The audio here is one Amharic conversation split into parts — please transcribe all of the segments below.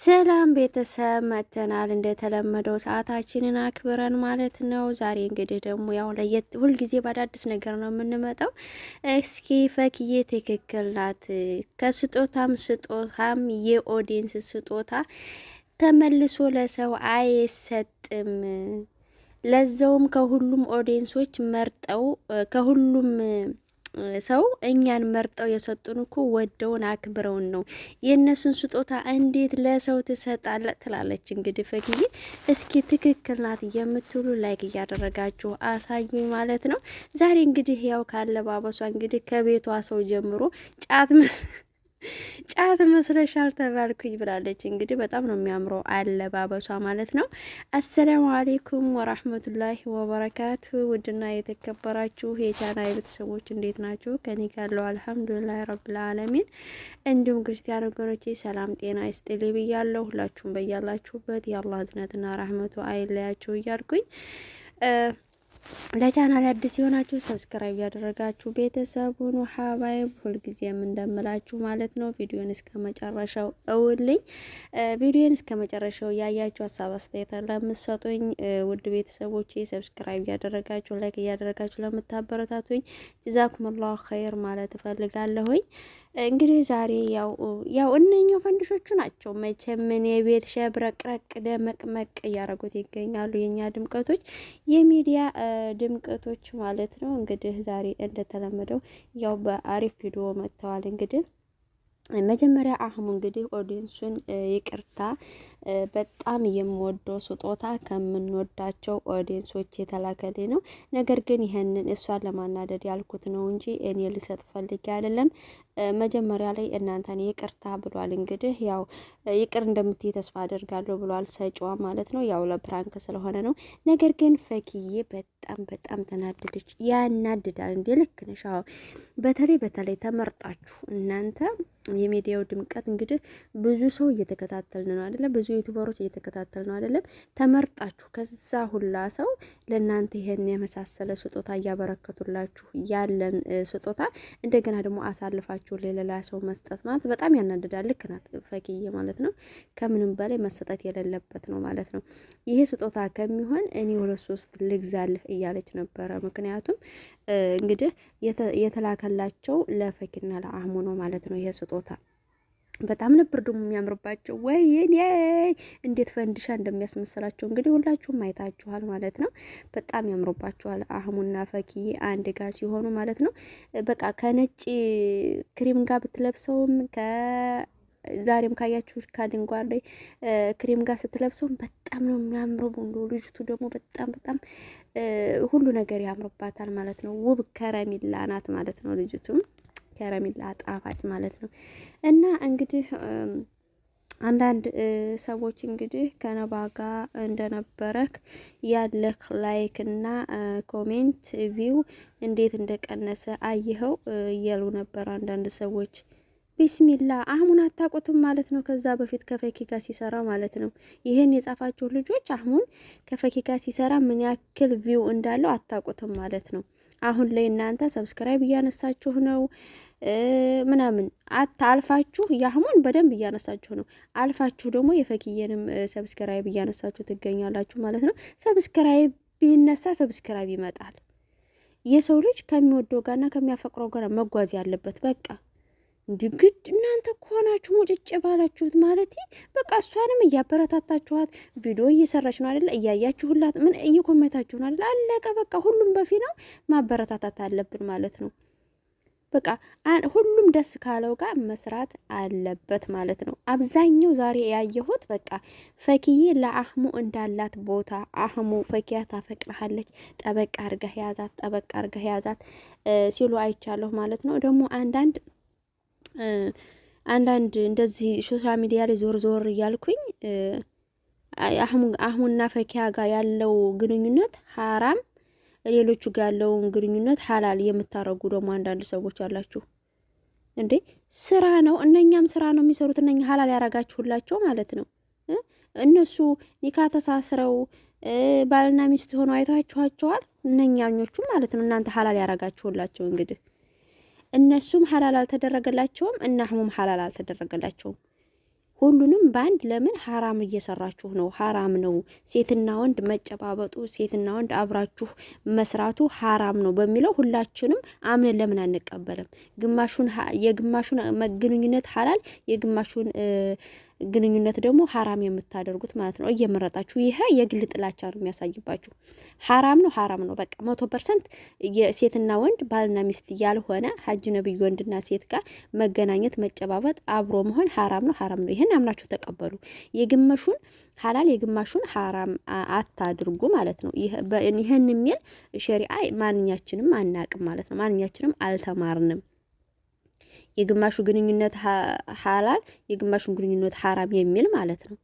ሰላም ቤተሰብ መተናል። እንደተለመደው ሰዓታችንን አክብረን ማለት ነው። ዛሬ እንግዲህ ደግሞ ያው ለየት ሁልጊዜ በአዳዲስ ነገር ነው የምንመጣው። እስኪ ፈክዬ ትክክል ናት። ከስጦታም ስጦታም የኦዲየንስ ስጦታ ተመልሶ ለሰው አይሰጥም። ለዛውም ከሁሉም ኦዲየንሶች መርጠው ከሁሉም ሰው እኛን መርጠው የሰጡን እኮ ወደውን አክብረውን ነው። የእነሱን ስጦታ እንዴት ለሰው ትሰጣለ? ትላለች እንግዲህ ፈክዬ። እስኪ ትክክል ናት የምትሉ ላይክ እያደረጋችሁ አሳዩኝ ማለት ነው። ዛሬ እንግዲህ ያው ካለባበሷ እንግዲህ ከቤቷ ሰው ጀምሮ ጫት መስ ጫት መስለሻል ተባልኩኝ ብላለች። እንግዲህ በጣም ነው የሚያምረው አለባበሷ ማለት ነው። አሰላሙ አሌይኩም ወራህመቱላሂ ወበረካቱ። ውድና የተከበራችሁ የቻና የቤተሰቦች እንዴት ናችሁ? ከኔ ጋለው አልሐምዱሊላህ ረብል አለሚን። እንዲሁም ክርስቲያን ወገኖቼ ሰላም ጤና ይስጥል ብያለሁ። ሁላችሁም በያላችሁበት የአላህ እዝነትና ረህመቱ አይለያችሁ እያልኩኝ ለቻናል አዲስ የሆናችሁ ሰብስክራይብ ያደረጋችሁ ቤተሰቡን ሁኑ። ሀባይብ ሁልጊዜም እንደምላችሁ ማለት ነው። ቪዲዮን እስከ መጨረሻው እውልኝ። ቪዲዮን እስከ መጨረሻው ያያችሁ ሀሳብ አስተያየት ለምትሰጡኝ ውድ ቤተሰቦች ሰብስክራይብ እያደረጋችሁ ላይክ እያደረጋችሁ ለምታበረታቱኝ ጅዛኩምላሁ ኸይር ማለት እፈልጋለሁኝ። እንግዲህ ዛሬ ያው ያው እነኛው ፈንድሾቹ ናቸው መቼም እኔ ቤት ሸብረቅረቅ ደመቅመቅ እያደረጉት ይገኛሉ። የኛ ድምቀቶች፣ የሚዲያ ድምቀቶች ማለት ነው። እንግዲህ ዛሬ እንደተለመደው ያው በአሪፍ ቪዲዮ መጥተዋል። እንግዲህ መጀመሪያ አህሙ እንግዲህ ኦዲየንሱን ይቅርታ በጣም የምወደው ስጦታ ከምንወዳቸው ኦዲየንሶች የተላከልኝ ነው። ነገር ግን ይህንን እሷን ለማናደድ ያልኩት ነው እንጂ እኔ ልሰጥ ፈልጌ አይደለም። መጀመሪያ ላይ እናንተን ይቅርታ ብሏል። እንግዲህ ያው ይቅር እንደምትይ ተስፋ አደርጋለሁ ብሏል ሰጪዋ ማለት ነው። ያው ለፕራንክ ስለሆነ ነው። ነገር ግን ፈኪዬ በጣም በጣም ተናደደች። ያናድዳል እንዴ! ልክ ነሽ። አዎ በተለይ በተለይ ተመርጣችሁ እናንተ የሚዲያው ድምቀት እንግዲህ ብዙ ሰው እየተከታተል ነው አይደለም? ብዙ ዩቱበሮች እየተከታተል ነው አይደለም? ተመርጣችሁ ከዛ ሁላ ሰው ለእናንተ ይሄን የመሳሰለ ስጦታ እያበረከቱላችሁ ያለን ስጦታ እንደገና ደግሞ አሳልፋችሁ አውጥታችሁ ለሌላ ሰው መስጠት ማለት በጣም ያናድዳል። ልክ ናት ፈኪዬ ማለት ነው። ከምንም በላይ መሰጠት የሌለበት ነው ማለት ነው። ይሄ ስጦታ ከሚሆን እኔ ሁለት ሶስት ልግዛልህ እያለች ነበረ። ምክንያቱም እንግዲህ የተላከላቸው ለፈኪና ለአህሙ ነው ማለት ነው ይሄ ስጦታ በጣም ነበር ደግሞ የሚያምርባቸው። ወይኔ እንዴት ፈንዲሻ እንደሚያስመስላቸው እንግዲህ ሁላችሁም አይታችኋል ማለት ነው። በጣም ያምርባቸዋል አህሙና ፈኪ አንድ ጋር ሲሆኑ ማለት ነው። በቃ ከነጭ ክሪም ጋር ብትለብሰውም ዛሬም ካያችሁ ካድንጓር ላይ ክሬም ጋር ስትለብሰውም በጣም ነው የሚያምሩ። ልጅቱ ደግሞ በጣም በጣም ሁሉ ነገር ያምርባታል ማለት ነው። ውብ ከረሚላ ናት ማለት ነው ልጅቱም ከረሜላ ጣፋጭ ማለት ነው። እና እንግዲህ አንዳንድ ሰዎች እንግዲህ ከነባ ጋር እንደነበረክ ያለክ ላይክ እና ኮሜንት ቪው እንዴት እንደቀነሰ አይኸው እያሉ ነበር አንዳንድ ሰዎች። ቢስሚላ አህሙን አታቁትም ማለት ነው። ከዛ በፊት ከፈኪ ጋር ሲሰራ ማለት ነው። ይህን የጻፋችሁ ልጆች አህሙን ከፈኪ ጋር ሲሰራ ምን ያክል ቪው እንዳለው አታቁትም ማለት ነው። አሁን ላይ እናንተ ሰብስክራይብ እያነሳችሁ ነው። ምናምን አታ አልፋችሁ የአህሙን በደንብ እያነሳችሁ ነው። አልፋችሁ ደግሞ የፈኪየንም ሰብስክራይብ እያነሳችሁ ትገኛላችሁ ማለት ነው። ሰብስክራይብ ቢነሳ ሰብስክራይብ ይመጣል። የሰው ልጅ ከሚወደው ጋርና ከሚያፈቅረው ጋር መጓዝ ያለበት በቃ እንዲግድ እናንተ ከሆናችሁ ሙጭጭ ባላችሁት ማለት በቃ እሷንም እያበረታታችኋት ቪዲዮ እየሰራች ነው አደለ? እያያችሁላት ምን እየኮመታችሁ ነው አደለ? አለቀ በቃ ሁሉም በፊ ነው ማበረታታት አለብን ማለት ነው። በቃ ሁሉም ደስ ካለው ጋር መስራት አለበት ማለት ነው። አብዛኛው ዛሬ ያየሁት በቃ ፈኪዬ ለአህሙ እንዳላት ቦታ አህሙ ፈኪያ ታፈቅርሃለች፣ ጠበቅ አርገህ ያዛት፣ ጠበቅ አርገህ ያዛት ሲሉ አይቻለሁ ማለት ነው። ደግሞ አንዳንድ አንዳንድ እንደዚህ ሶሻል ሚዲያ ላይ ዞር ዞር እያልኩኝ አህሙና ፈኪያ ጋር ያለው ግንኙነት ሀራም ሌሎቹ ጋር ያለውን ግንኙነት ሀላል የምታረጉ ደግሞ አንዳንድ ሰዎች አላችሁ እንዴ። ስራ ነው፣ እነኛም ስራ ነው የሚሰሩት። እነኛ ሀላል ያረጋችሁላቸው ማለት ነው። እነሱ ኒካ ተሳስረው ባልና ሚስት ሆነው አይታችኋቸዋል። እነኛኞቹ ማለት ነው እናንተ ሀላል ያረጋችሁላቸው እንግዲህ እነሱም ሀላል አልተደረገላቸውም፣ እናህሙም ሀላል አልተደረገላቸውም። ሁሉንም በአንድ ለምን ሀራም እየሰራችሁ ነው? ሀራም ነው። ሴትና ወንድ መጨባበጡ፣ ሴትና ወንድ አብራችሁ መስራቱ ሀራም ነው በሚለው ሁላችንም አምነን ለምን አንቀበልም? ግማሹን የግማሹን ግንኙነት ሀላል የግማሹን ግንኙነት ደግሞ ሀራም የምታደርጉት ማለት ነው እየመረጣችሁ። ይሄ የግል ጥላቻ ነው የሚያሳይባችሁ። ሀራም ነው ሀራም ነው በቃ መቶ ፐርሰንት። የሴትና ወንድ ባልና ሚስት ያልሆነ ሀጅ ነብይ ወንድና ሴት ጋር መገናኘት፣ መጨባበጥ፣ አብሮ መሆን ሀራም ነው ሀራም ነው። ይህን አምናችሁ ተቀበሉ። የግመሹን ሀላል የግማሹን ሀራም አታድርጉ ማለት ነው። ይህን የሚል ሸሪአ ማንኛችንም አናቅም ማለት ነው። ማንኛችንም አልተማርንም። የግማሹ ግንኙነት ሀላል የግማሹን ግንኙነት ሀራም የሚል ማለት ነው።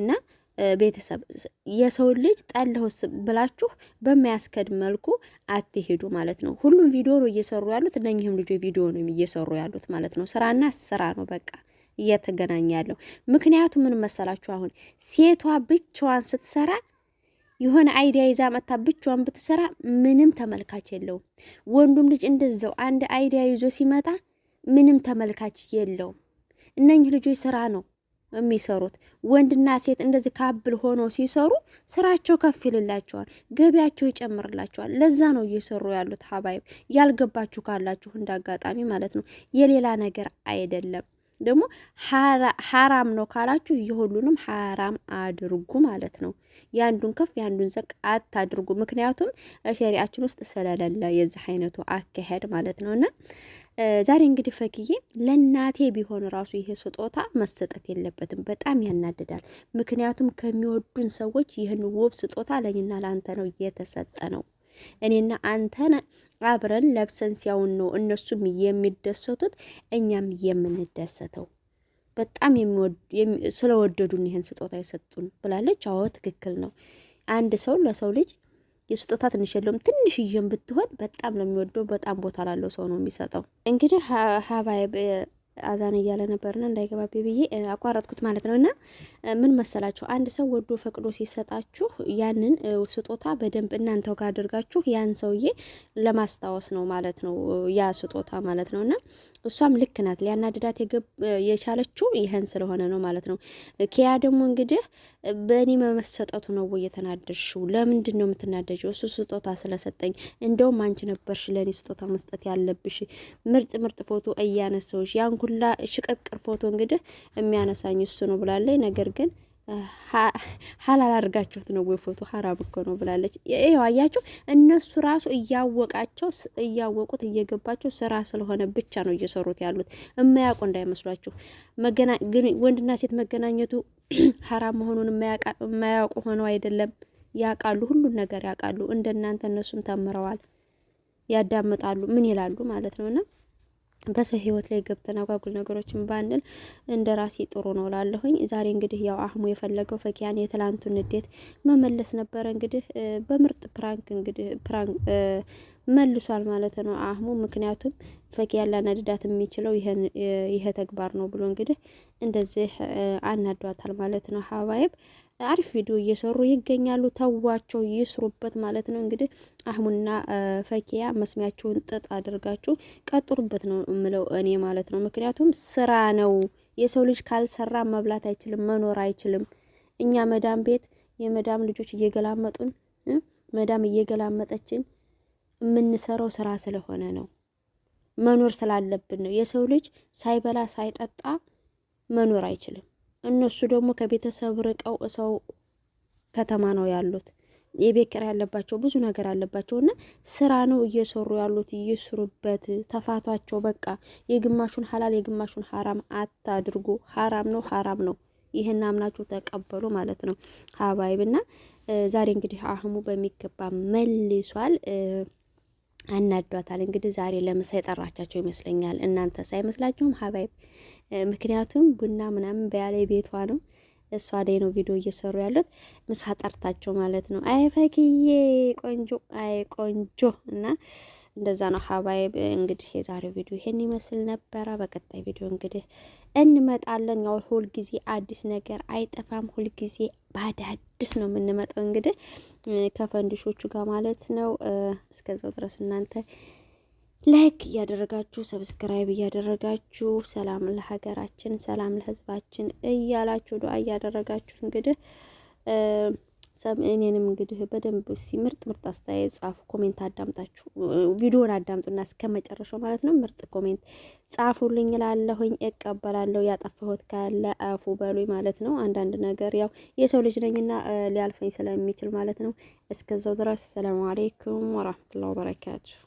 እና ቤተሰብ የሰውን ልጅ ጠላሁት ብላችሁ በማያስከድ መልኩ አትሄዱ ማለት ነው። ሁሉም ቪዲዮ ነው እየሰሩ ያሉት እነኝህም ልጆች ቪዲዮ ነው እየሰሩ ያሉት ማለት ነው። ስራና ስራ ነው በቃ እየተገናኘ ያለው ምክንያቱ ምን መሰላችሁ? አሁን ሴቷ ብቻዋን ስትሰራ የሆነ አይዲያ ይዛ መታ ብቻዋን ብትሰራ ምንም ተመልካች የለውም። ወንዱም ልጅ እንደዛው አንድ አይዲያ ይዞ ሲመጣ ምንም ተመልካች የለውም። እነኝህ ልጆች ስራ ነው የሚሰሩት ወንድና ሴት እንደዚህ ካብል ሆኖ ሲሰሩ ስራቸው ከፍ ይልላቸዋል፣ ገቢያቸው ይጨምርላቸዋል። ለዛ ነው እየሰሩ ያሉት። ሀባይብ ያልገባችሁ ካላችሁ እንዳጋጣሚ ማለት ነው፣ የሌላ ነገር አይደለም። ደግሞ ሐራም ነው ካላችሁ የሁሉንም ሐራም አድርጉ ማለት ነው። የአንዱን ከፍ የአንዱን ዘቅ አታድርጉ። ምክንያቱም ሸሪአችን ውስጥ ስለሌለ የዚህ አይነቱ አካሄድ ማለት ነው እና ዛሬ እንግዲህ ፈክዬ ለእናቴ ቢሆን ራሱ ይሄ ስጦታ መሰጠት የለበትም። በጣም ያናድዳል። ምክንያቱም ከሚወዱን ሰዎች ይህን ውብ ስጦታ ለኝና ለአንተ ነው የተሰጠ ነው እኔና አንተን አብረን ለብሰን ሲያውን ነው እነሱም የሚደሰቱት እኛም የምንደሰተው። በጣም ስለወደዱን ይህን ስጦታ የሰጡን ብላለች። አዎ ትክክል ነው። አንድ ሰው ለሰው ልጅ የስጦታ ትንሽ የለውም። ትንሽዬም ብትሆን በጣም ለሚወደው በጣም ቦታ ላለው ሰው ነው የሚሰጠው። እንግዲህ ሀባይ አዛን እያለ ነበርና እንዳይገባቤ ብዬ አቋረጥኩት ማለት ነው። እና ምን መሰላችሁ አንድ ሰው ወዶ ፈቅዶ ሲሰጣችሁ ያንን ስጦታ በደንብ እናንተው ጋር አድርጋችሁ ያን ሰውዬ ለማስታወስ ነው ማለት ነው፣ ያ ስጦታ ማለት ነው። እና እሷም ልክ ናት። ሊያናድዳት የቻለችው ይህን ስለሆነ ነው ማለት ነው። ኪያ ደግሞ እንግዲህ በእኔ መመሰጠቱ ነው እየተናደድሽው። ለምንድን ነው የምትናደጅው? እሱ ስጦታ ስለሰጠኝ እንደውም አንቺ ነበርሽ ለእኔ ስጦታ መስጠት ያለብሽ ምርጥ ምርጥ ፎቶ እያነሳዎች ያን ሁላ ሽቅርቅር ፎቶ እንግዲህ የሚያነሳኝ እሱ ነው ብላለች። ነገር ግን ሀላል አድርጋችሁት ነው ወይ ፎቶ ሀራም እኮ ነው ብላለች። ይኸው አያችሁ፣ እነሱ ራሱ እያወቃቸው እያወቁት እየገባቸው ስራ ስለሆነ ብቻ ነው እየሰሩት ያሉት፣ እማያውቁ እንዳይመስሏችሁ። ወንድና ሴት መገናኘቱ ሀራም መሆኑን የማያውቁ ሆነው አይደለም፣ ያውቃሉ፣ ሁሉን ነገር ያውቃሉ። እንደናንተ እነሱም ተምረዋል፣ ያዳምጣሉ፣ ምን ይላሉ ማለት ነው እና በሰው ህይወት ላይ ገብተን አጓጉል ነገሮችን ባንል እንደ ራሴ ጥሩ ነው ላለሁኝ። ዛሬ እንግዲህ ያው አህሙ የፈለገው ፈኪያን የትላንቱን ንዴት መመለስ ነበረ። እንግዲህ በምርጥ ፕራንክ እንግዲህ ፕራንክ መልሷል ማለት ነው አህሙ። ምክንያቱም ፈኪ ያላናድዳት የሚችለው ይሄ ተግባር ነው ብሎ እንግዲህ እንደዚህ አናዷታል ማለት ነው። ሀባይብ አሪፍ ቪዲዮ እየሰሩ ይገኛሉ። ተዋቸው ይስሩበት ማለት ነው። እንግዲህ አህሙና ፈኪያ መስሚያችሁን ጥጥ አድርጋችሁ ቀጥሩበት ነው የምለው እኔ ማለት ነው። ምክንያቱም ስራ ነው። የሰው ልጅ ካልሰራ መብላት አይችልም፣ መኖር አይችልም። እኛ መዳም ቤት የመዳም ልጆች እየገላመጡን መዳም እየገላመጠችን የምንሰራው ስራ ስለሆነ ነው። መኖር ስላለብን ነው። የሰው ልጅ ሳይበላ ሳይጠጣ መኖር አይችልም። እነሱ ደግሞ ከቤተሰብ ርቀው ሰው ከተማ ነው ያሉት። የቤት ኪራይ ያለባቸው ብዙ ነገር አለባቸው እና ስራ ነው እየሰሩ ያሉት። እየስሩበት ተፋቷቸው። በቃ የግማሹን ሀላል የግማሹን ሀራም አታድርጉ። ሀራም ነው ሀራም ነው። ይህን አምናችሁ ተቀበሉ ማለት ነው ሀባይብ። እና ዛሬ እንግዲህ አህሙ በሚገባ መልሷል። አናዷታል። እንግዲህ ዛሬ ለምሳ የጠራቻቸው ይመስለኛል። እናንተ ሳይመስላችሁም ሀባይ ምክንያቱም ቡና ምናምን በያለ ቤቷ ነው እሷ ላይ ነው ቪዲዮ እየሰሩ ያሉት ምሳ ጠርታቸው ማለት ነው። አይ ፈክዬ ቆንጆ፣ አይ ቆንጆ። እና እንደዛ ነው ሀባይ። እንግዲህ የዛሬው ቪዲዮ ይሄን ይመስል ነበረ። በቀጣይ ቪዲዮ እንግዲህ እንመጣለን። ያው ሁልጊዜ አዲስ ነገር አይጠፋም። ሁልጊዜ አዲስ ነው የምንመጣው እንግዲህ ከፈንዲሾቹ ጋር ማለት ነው። እስከዛው ድረስ እናንተ ላይክ እያደረጋችሁ ሰብስክራይብ እያደረጋችሁ ሰላም ለሀገራችን፣ ሰላም ለሕዝባችን እያላችሁ ዱአ እያደረጋችሁ እንግዲህ እኔንም እንግዲህ በደንብ ምርጥ ምርጥ አስተያየት ጻፉ። ኮሜንት አዳምጣችሁ ቪዲዮን አዳምጡና እስከ መጨረሻው ማለት ነው ምርጥ ኮሜንት ጻፉልኝ እላለሁኝ፣ እቀበላለሁ። ያጠፋሁት ካለ አፉ በሉኝ ማለት ነው። አንዳንድ ነገር ያው የሰው ልጅ ነኝና ሊያልፈኝ ስለሚችል ማለት ነው። እስከዛው ድረስ ሰላም አሌይኩም ወራህመቱላሂ ወበረካቱሁ።